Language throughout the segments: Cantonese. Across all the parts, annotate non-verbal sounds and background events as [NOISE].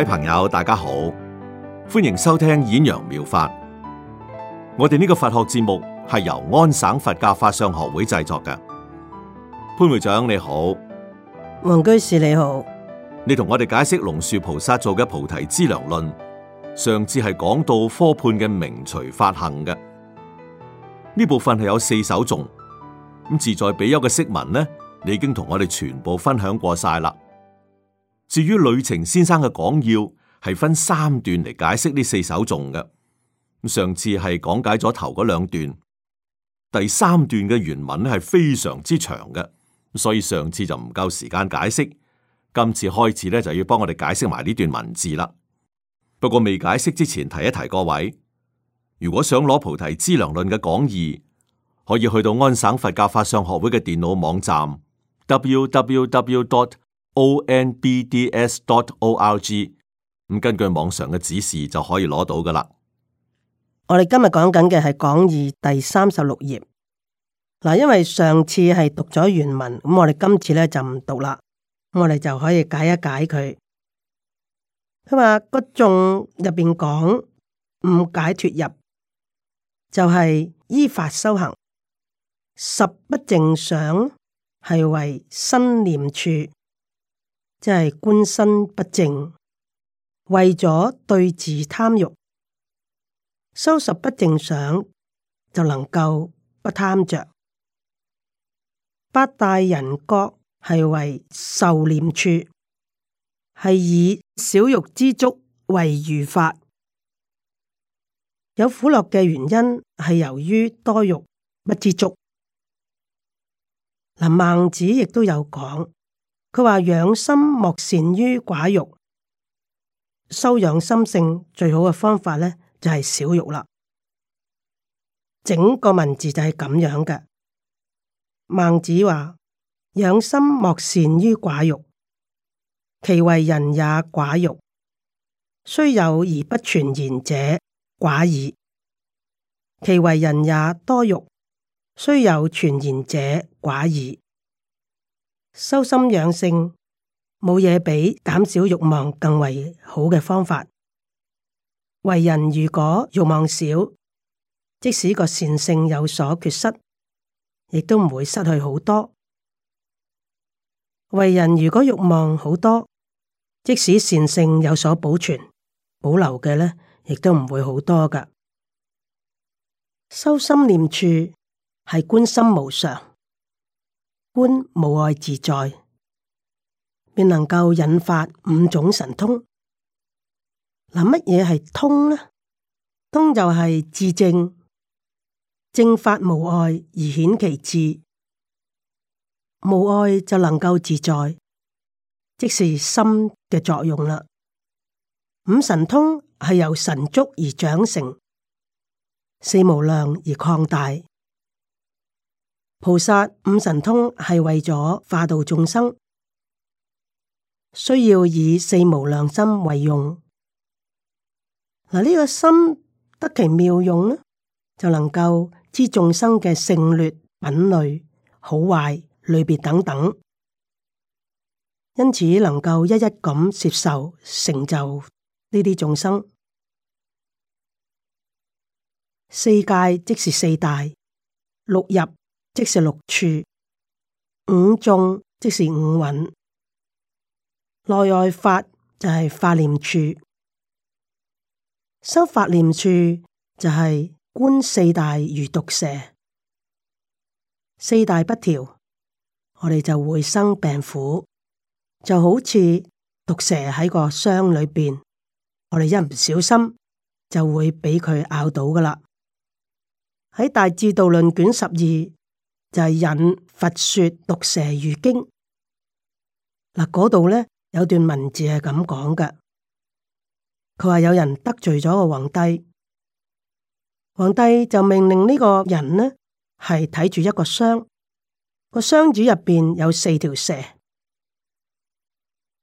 各位朋友，大家好，歡迎收聽演揚妙，妙法。我哋呢個佛學節目係由安省佛教法相學會製作嘅。潘會長你好，王居士你好，你同我哋解釋龍樹菩薩做嘅菩提資糧論，上次係講到科判嘅名隨法行嘅呢部分係有四首頌，咁自在比丘嘅釋文呢，你已經同我哋全部分享過晒啦。至於呂澄先生嘅講要係分三段嚟解釋呢四首頌嘅，上次係講解咗頭嗰兩段，第三段嘅原文咧係非常之長嘅，所以上次就唔夠時間解釋，今次開始咧就要幫我哋解釋埋呢段文字啦。不過未解釋之前提一提各位，如果想攞《菩提資糧論》嘅講義，可以去到安省佛教法上學會嘅電腦網站 www.dot。O N B D S dot O R G，根據網上嘅指示，就可以攞到噶啦。我哋今日講緊嘅係講義第三十六頁嗱，因為上次係讀咗原文，咁我哋今次咧就唔讀啦，我哋就可以解一解佢。佢話個眾入邊講，唔解脫入就係、是、依法修行，十不淨想係為身念處。即係觀身不淨，為咗對治貪欲，收拾不淨想就能夠不貪着。八大人覺係為受念處，係以少欲知足為如法。有苦樂嘅原因係由於多欲不知足。嗱，孟子亦都有講。佢話養心莫善於寡欲，修養心性最好嘅方法咧就係少欲啦。整個文字就係咁樣嘅。孟子話：養心莫善於寡欲，就是，其為人也寡欲，雖有而不傳言者寡矣；其為人也多欲，雖有傳言者寡矣。修心養性，冇嘢比減少欲望更為好嘅方法。為人如果欲望少，即使個善性有所缺失，亦都唔會失去好多。為人如果欲望好多，即使善性有所保存、保留嘅呢，亦都唔會好多噶。修心念處係觀心無常。觀無礙自在，便能夠引發五種神通。嗱、啊，乜嘢係通呢？通就係自正，正法無礙而顯其智，無礙就能夠自在，即是心嘅作用啦。五神通係由神足而長成，四無量而擴大。菩薩五神通係為咗化導眾生，需要以四無量心為用。嗱，呢個心得其妙用呢，就能夠知眾生嘅勝劣、品類、好壞、類別等等，因此能夠一一咁接受成就呢啲眾生。四界即是四大六入。即是六處五眾，即是五蘊。內外法就係法念處，修法念處就係觀四大如毒蛇。四大不調，我哋就會生病苦，就好似毒蛇喺個箱裏邊，我哋一唔小心就會俾佢咬到噶啦。喺《大智度論》卷十二。就係引佛說毒蛇如經嗱，嗰度咧有段文字係咁講嘅。佢話有人得罪咗個皇帝，皇帝就命令呢個人呢係睇住一個箱，個箱子入邊有四條蛇。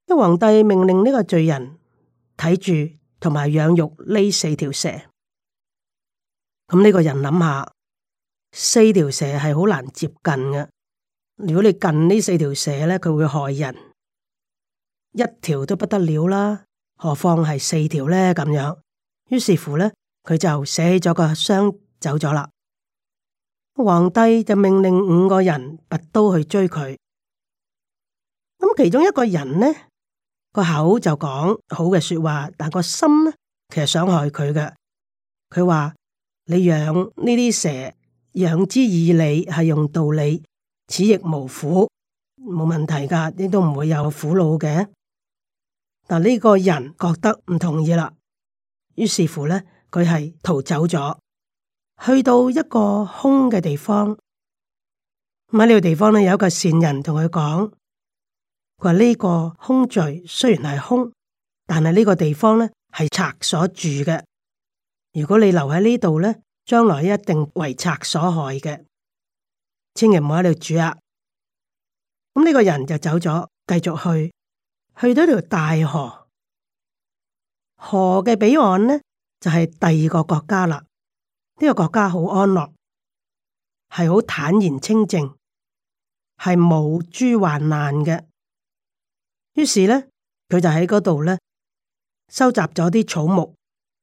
一皇帝命令呢個罪人睇住同埋養育呢四條蛇，咁呢個人諗下。四條蛇係好難接近嘅，如果你近呢四條蛇咧，佢會害人，一條都不得了啦，何況係四條咧咁樣。於是乎咧，佢就捨咗個箱走咗啦。皇帝就命令五個人拔刀去追佢。咁其中一個人呢，個口就講好嘅說話，但個心呢，其實想害佢嘅。佢話你養呢啲蛇。養之以理，係用道理，此亦無苦，冇問題㗎，亦都唔會有苦惱嘅。但呢個人覺得唔同意啦，於是乎呢，佢係逃走咗，去到一個空嘅地方。喺呢個地方呢，有一個善人同佢講，佢話呢個空聚雖然係空，但係呢個地方呢，係賊所住嘅。如果你留喺呢度呢，將來一定為賊所害嘅，千祈唔好喺度住啊！咁、這、呢個人就走咗，繼續去，去到一條大河，河嘅彼岸呢就係、是、第二個國家啦。呢、這個國家好安樂，係好坦然清靜，係冇諸患難嘅。于是呢，佢就喺嗰度呢，收集咗啲草木，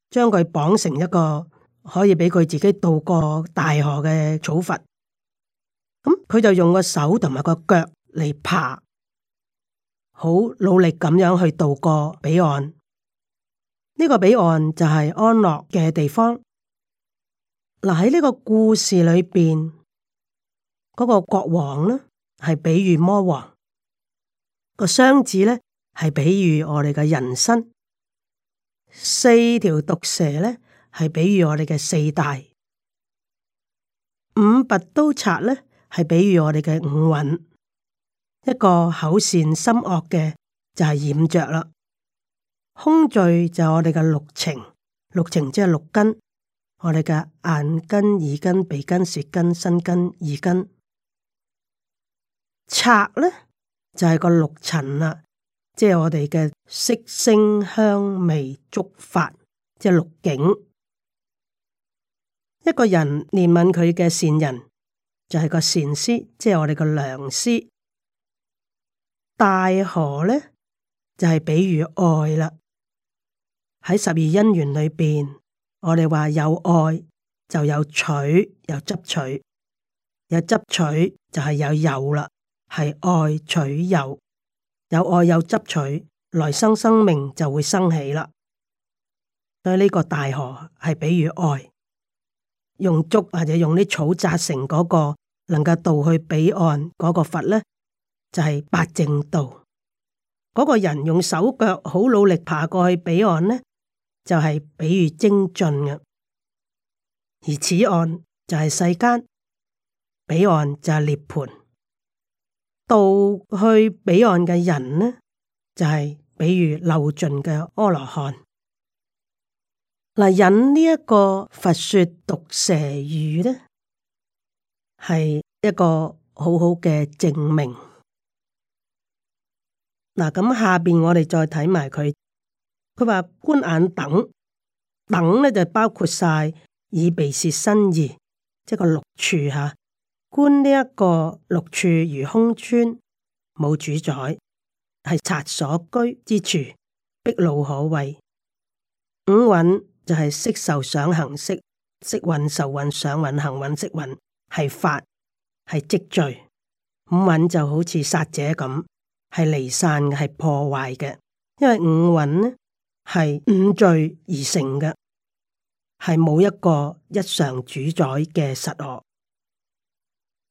將佢綁成一個。可以俾佢自己渡過大河嘅草佛，咁佢就用個手同埋個腳嚟爬好努力咁樣去渡過彼岸。呢、呢個彼岸就係安樂嘅地方。嗱，喺呢個故事裏邊，嗰、嗰個國王呢係比喻魔王，個雙子呢係比喻我哋嘅人生，四條毒蛇呢。係比如我哋嘅四大五拔刀賊呢係比如我哋嘅五蘊。一個口善心惡嘅就係、是、染着啦。空聚就我哋嘅六情，六情即係六根，我哋嘅眼根、耳根、鼻根、舌根、身根、意根。賊呢，就係、是、個六塵啦，即、就、係、是、我哋嘅色聲香味觸法，即、就、係、是、六境。一個人憐憫佢嘅善人，就係個善師，即係我哋個良師。大河呢，就係比喻愛啦。喺十二因緣裏邊，我哋話有愛就有取，有執取，有執取就係有有啦，係愛取有，有愛有執取，來生生命就會生起啦。所以呢個大河係比喻愛。用竹或者用啲草扎成嗰個，能夠渡去彼岸嗰個佛咧，就係、是、八正道。嗰、那個人用手腳好努力爬過去彼岸咧，就係、是、比喻精進嘅。而此岸就係世間，彼岸就係涅槃。渡去彼岸嘅人咧，就係、是、比如漏盡嘅阿羅漢。嗱，引呢一個佛說毒蛇喻呢，係一個好好嘅證明。嗱，咁下邊我哋再睇埋佢，佢話觀眼等，等咧就包括晒耳鼻舌身意，即個六處吓。觀呢一個六處如空村，冇主宰，係賊所居之處，壁路可畏。五蘊，就係色受想行識，識蘊受蘊想蘊行蘊識蘊，係法係積聚五蘊，就好似殺者咁，係離散嘅，係破壞嘅。因為五蘊呢係五聚而成嘅，係冇一個一常主宰嘅實我。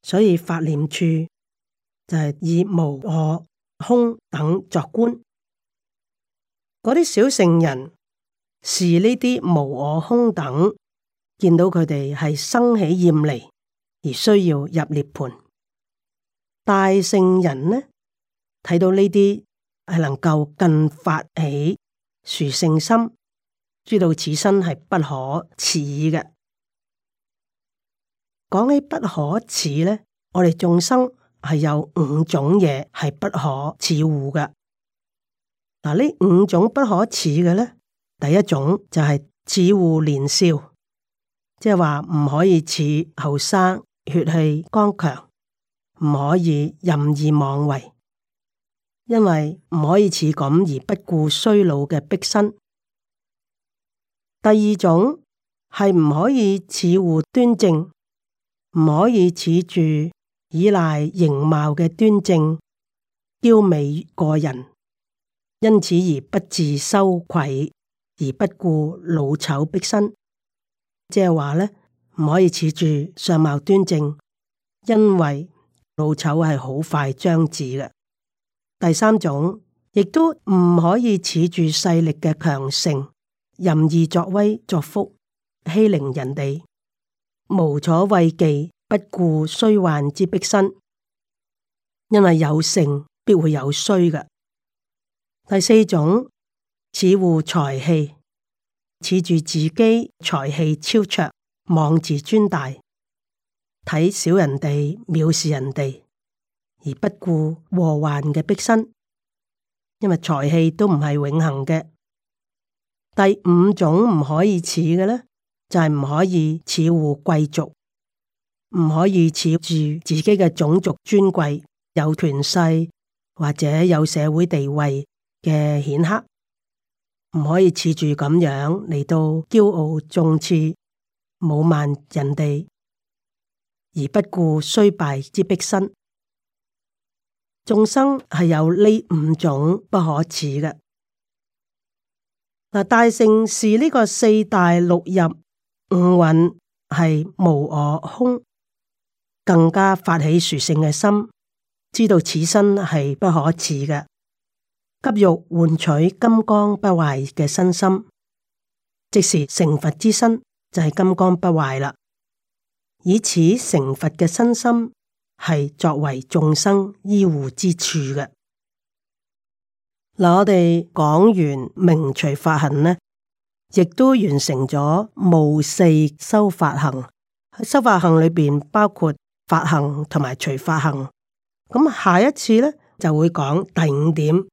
所以法念處就係以無我空等作觀，嗰啲小乘人。是呢啲無我空等，見到佢哋係生起厭離，而需要入涅槃。大聖人呢，睇到呢啲係能夠更發起殊勝心，知道此身係不可恃嘅。講起不可恃呢，我哋眾生係有五種嘢，係不可恃怙嘅。嗱，呢五種不可恃嘅呢？第一種就係似護年少，即係話唔可以似後生血氣剛強，唔可以任意妄為，因為唔可以似咁而不顧衰老嘅逼身。第二種係唔可以似護端正，唔可以似住依賴形貌嘅端正，嬌美過人，因此而不自羞愧。而不顧老醜逼身，即係話呢，唔可以恃住相貌端正，因為老醜係好快將至嘅。第三種亦都唔可以恃住勢力嘅強盛，任意作威作福，欺凌人哋，無所畏忌，不顧衰患之逼身，因為有盛必會有衰嘅。第四種。恃乎財氣，恃住自己財氣超卓，妄自尊大，睇小人哋，藐視人哋，而不顧禍患嘅逼身，因為財氣都唔係永恆嘅。第五種唔可以恃嘅呢，就係、是、唔可以恃乎貴族，唔可以恃住自己嘅種族尊貴，有權勢或者有社會地位嘅顯赫。唔可以恃住咁樣嚟到驕傲次、縱恣、侮慢人哋，而不顧衰敗之逼身。眾生係有呢五種不可恃嘅。嗱，大聖是呢個四大六入五蘊係無我空，更加發起殊勝嘅心，知道此身係不可恃嘅。急欲換取金剛不壞嘅身心，即是成佛之身，就係、是、金剛不壞啦。以此成佛嘅身心，係作為眾生依護之處嘅。嗱，我哋講完名除法行呢，亦都完成咗無四修法行。喺修法行裏邊，包括法行同埋除法行。咁下一次呢，就會講第五點。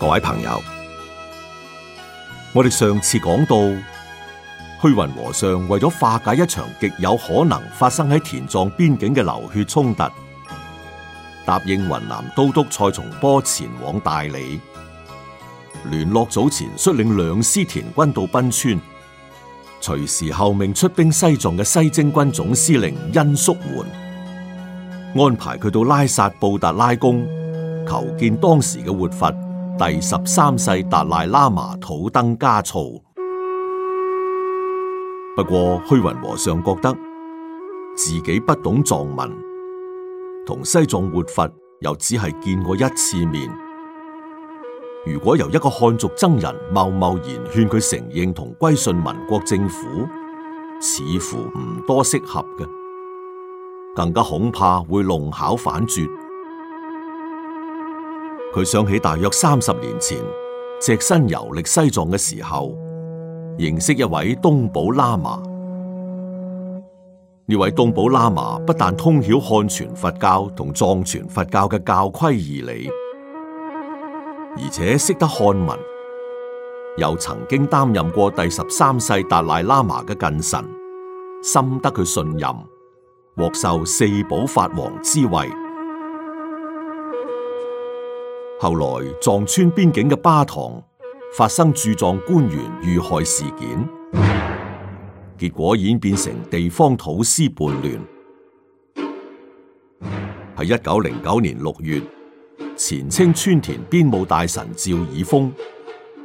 各位朋友，我哋上次講到，虛雲和尚為咗化解一場極有可能發生喺田藏邊境嘅流血衝突，答應雲南都督蔡松坡前往大理聯絡，早前率領兩師田軍到賓川，隨時候命出兵西藏嘅西征軍總司令殷叔煥，安排佢到拉薩布達拉宮求見當時嘅活佛。第十三世達賴喇嘛土登嘉措，不過虛雲和尚覺得自己不懂藏文，同西藏活佛又只係見過一次面，如果由一個漢族僧人貿貿然勸佢承認同歸順民國政府，似乎唔多適合嘅，更加恐怕會弄巧反拙。佢想起大約三十年前，隻身遊歷西藏嘅時候，認識一位東寶喇嘛。呢位東寶喇嘛不但通曉漢傳佛教同藏傳佛教嘅教規而嚟，而且識得漢文，又曾經擔任過第十三世達賴喇嘛嘅近臣，深得佢信任，獲受四寶法王之位。後來藏川邊境嘅巴塘發生駐藏官員遇害事件，結果演變成地方土司叛亂。喺一九零九年六月，前清川滇邊務大臣趙爾豐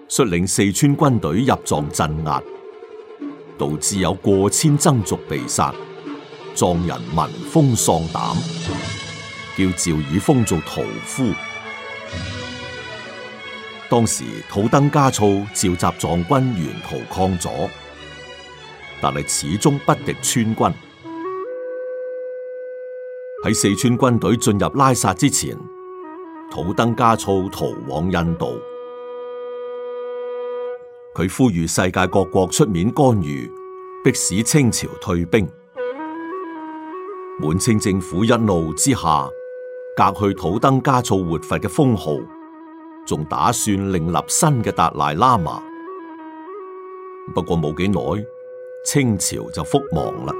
率領四川軍隊入藏鎮壓，導致有過千僧俗被殺，藏人聞風喪膽，叫趙爾豐做屠夫。當時土登嘉措召集藏軍沿途抗阻，但係始終不敵川軍。喺四川軍隊進入拉薩之前，土登嘉措逃往印度，佢呼籲世界各國出面干預，迫使清朝退兵。滿清政府一怒之下，革去土登加措活佛嘅封號，仲打算另立新嘅達賴喇嘛。不過冇幾耐，清朝就覆亡啦。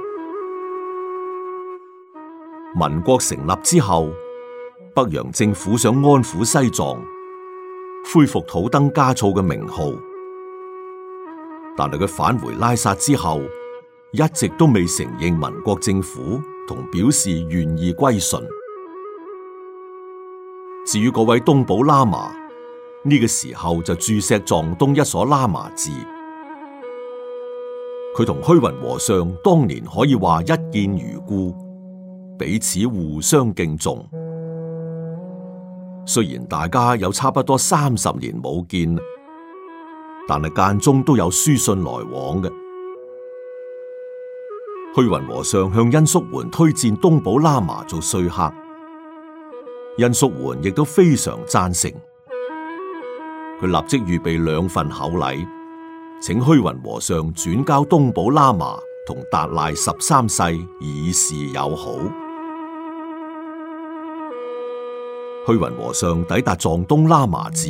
民國成立之後，北洋政府想安撫西藏，恢復土登加措嘅名號，但係佢返回拉薩之後，一直都未承認民國政府，同表示願意歸順。至於嗰位東寶喇嘛，呢、這個時候就駐錫藏東一所喇嘛寺。佢同虛雲和尚當年可以話一見如故，彼此互相敬重。雖然大家有差不多三十年冇見，但係間中都有書信來往嘅。虛雲和尚向殷叔桓推薦東寶喇嘛做說客。印叔煥亦都非常贊成，佢立即預備兩份厚禮，請虛雲和尚轉交東寶喇嘛同達賴十三世以示友好。虛雲和尚抵達藏東喇嘛寺，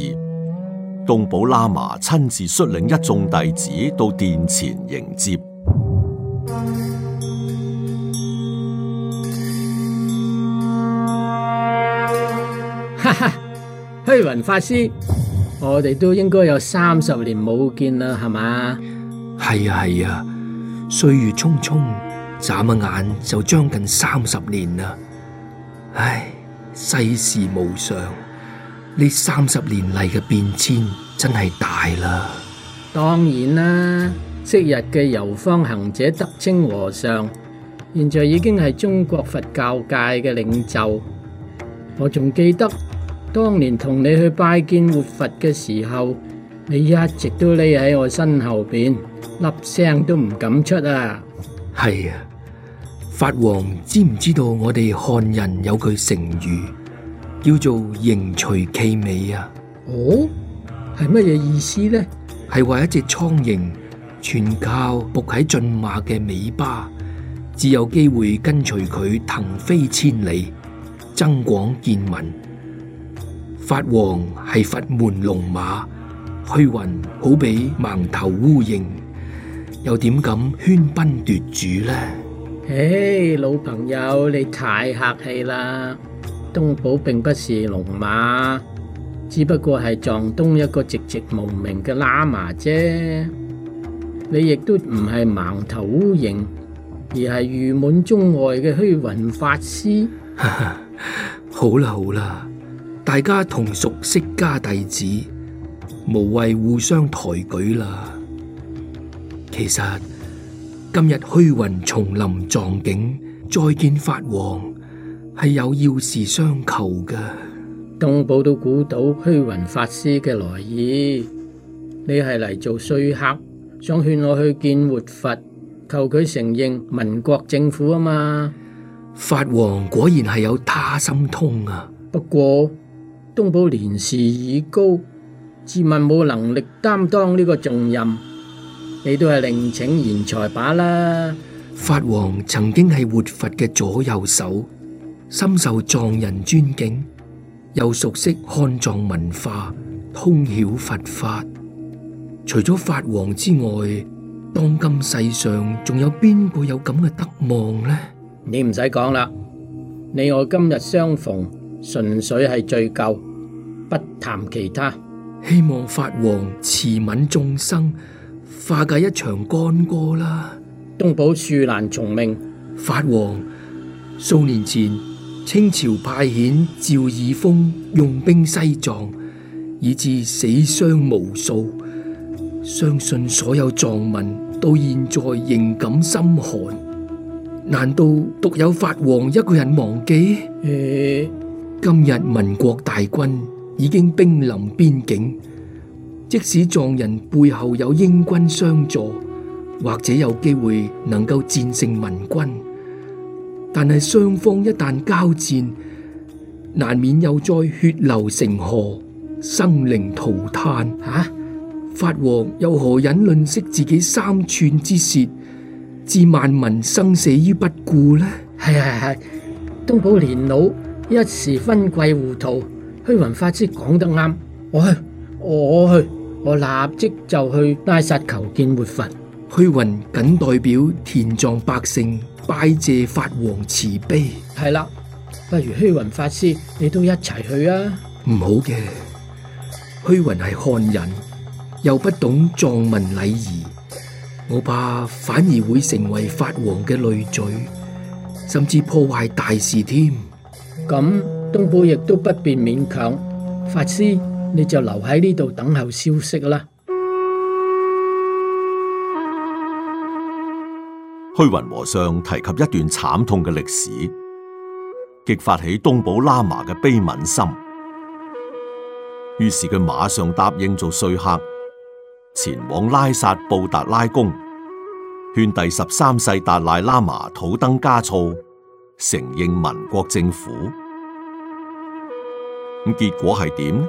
東寶喇嘛親自率領一眾弟子到殿前迎接。虛雲法師，我哋都應該有三十年冇見啦，係嘛？係啊係啊，歲月匆匆，眨下眼就將近三十年啦。唉，世事無常，呢三十年嚟嘅變遷真係大啦。當然啦，昔日嘅遊方行者德清和尚，現在已經係中國佛教界嘅領袖。我仲記得。當年同你去拜見活佛嘅時候，你一直都匿喺我身後邊，粒聲都唔敢出啊！係啊，法王知唔知道我哋漢人有句成語叫做蠅隨驥尾啊？哦，係乜嘢意思呢？係話一隻蒼蠅全靠伏喺駿馬嘅尾巴，只有機會跟隨佢騰飛千里，增廣見聞。法王係佛門龍馬，虛雲好比盲頭烏蠅，又點敢喧賓奪主呢？唉，hey, 老朋友，你太客氣啦！東寶並不是龍馬，只不過係藏東一個籍籍無名嘅喇嘛啫。你亦都唔係盲頭烏蠅，而係譽滿中外嘅虛雲法師。 [LAUGHS] 好啦，好啦。大家同屬釋迦弟子，無謂互相抬舉啦。其實今日虛雲重臨藏境，再見法王，係有要事相求嘅。等我都估到虛雲法師嘅來意，你係嚟做說客，想勸我去見活佛，求佢承認民國政府啊嘛？法王果然係有他心通啊。不過。東寶年事已高，自問冇能力擔當呢個重任，你都係另請賢才罷啦。法王曾經係活佛嘅左右手，深受藏人尊敬，又熟悉漢藏文化，通曉佛法。除咗法王之外，當今世上仲有邊個有咁嘅德望呢？你唔使講啦，你我今日相逢，純粹係罪疚。不談其他，希望法王慈憫眾生，化解一場干戈啦。東寶樹難從命，法王數年前清朝派遣趙爾豐用兵西藏，以致死傷無數，相信所有藏民到現在仍感心寒。難道獨有法王一個人忘記？誒，今日民國大軍。已經兵臨邊境，即使藏人背後有英軍相助，或者有機會能夠戰勝民軍，但係雙方一旦交戰，難免又再血流成河、生靈塗炭啊！法王又何忍吝惜自己三寸之舌，置萬民生死於不顧呢？係係係，東寶年老，一時昏聵糊塗。虛雲法師講得啱，我去，我去，我立即就去拉薩求見活佛。虛雲僅代表田藏百姓，拜謝法王慈悲。係啦，不如虛雲法師，你都一齊去啊？唔好嘅，虛雲係漢人，又不懂藏文禮儀，我怕反而會成為法王嘅累贅，甚至破壞大事添。咁。東寶亦都不便勉強，法師你就留喺呢度等候消息啦。虛雲和尚提及一段慘痛嘅歷史，激發起東寶喇嘛嘅悲憫心，於是佢馬上答應做說客，前往拉薩布達拉宮，勸第十三世達賴喇嘛土登嘉措承認民國政府。咁結果係點呢？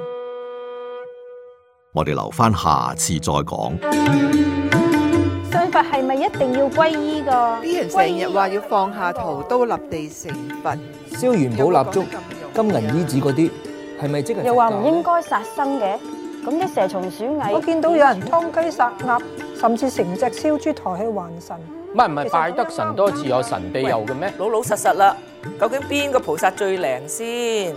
我哋留翻下次再講。信佛係咪一定要皈依噶？啲人成日話要放下屠刀立地成佛，燒元寶、蠟燭、金銀衣紙嗰啲，係咪即係？又話唔應該殺生嘅。咁啲蛇蟲鼠蟻，我見到有人劏雞殺鴨，甚至成隻燒豬抬去還神。唔係唔係，拜得神多自然有神庇佑嘅咩？老老實實啦，究竟邊個菩薩最靈先？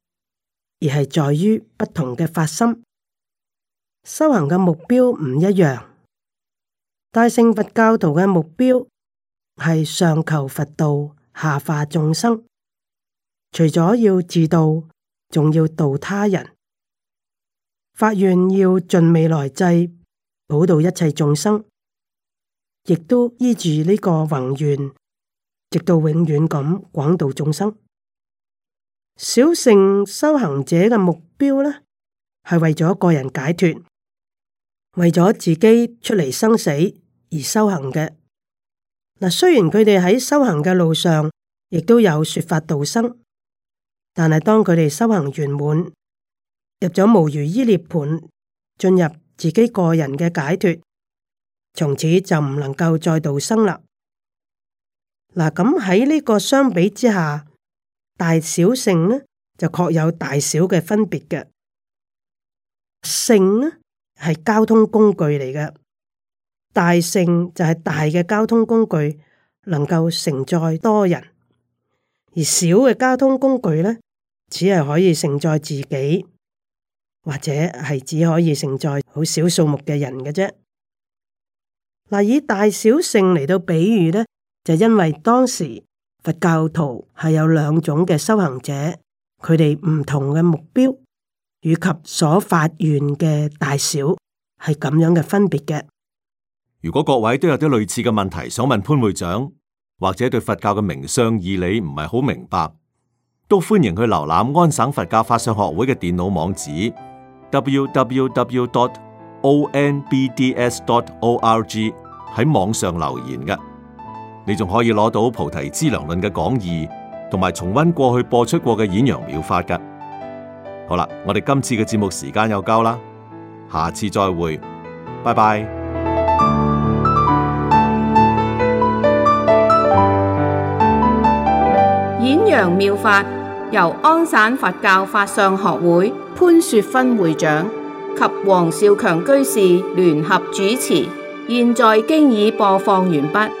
而係在於不同嘅發心、修行嘅目標唔一樣。大乘佛教徒嘅目標係上求佛道，下化眾生。除咗要自度，仲要度他人。發願要盡未來際，普度一切眾生，亦都依住呢個宏願，直到永遠咁廣度眾生。小乘修行者嘅目標呢，係為咗個人解脱，為咗自己出嚟生死而修行嘅。嗱，雖然佢哋喺修行嘅路上，亦都有說法度生，但係當佢哋修行圓滿，入咗無餘依涅盤，進入自己個人嘅解脱，從此就唔能夠再度生啦。嗱、嗯，咁喺呢個相比之下。大小乘呢，就確有大小嘅分別嘅。乘呢係交通工具嚟嘅，大乘就係大嘅交通工具，能夠承載多人；而小嘅交通工具呢，只係可以承載自己，或者係只可以承載好少數目嘅人嘅啫。嗱，以大小乘嚟到比喻呢，就因為當時。佛教徒係有兩種嘅修行者，佢哋唔同嘅目標以及所發願嘅大小係咁樣嘅分別嘅。如果各位都有啲類似嘅問題想問潘會長，或者對佛教嘅名相義理唔係好明白，都歡迎去瀏覽安省佛教法相學會嘅電腦網址 w w w dot o n b d s dot o r g 喺網上留言嘅。你仲可以攞到《菩提資糧論》嘅講義，同埋重温過去播出過嘅演揚妙法。噶好啦，我哋今次嘅節目時間又夠啦，下次再會，拜拜。演揚妙法由安省佛教法相學會潘雪芬會長及黃少強居士聯合主持，現在已經已播放完畢。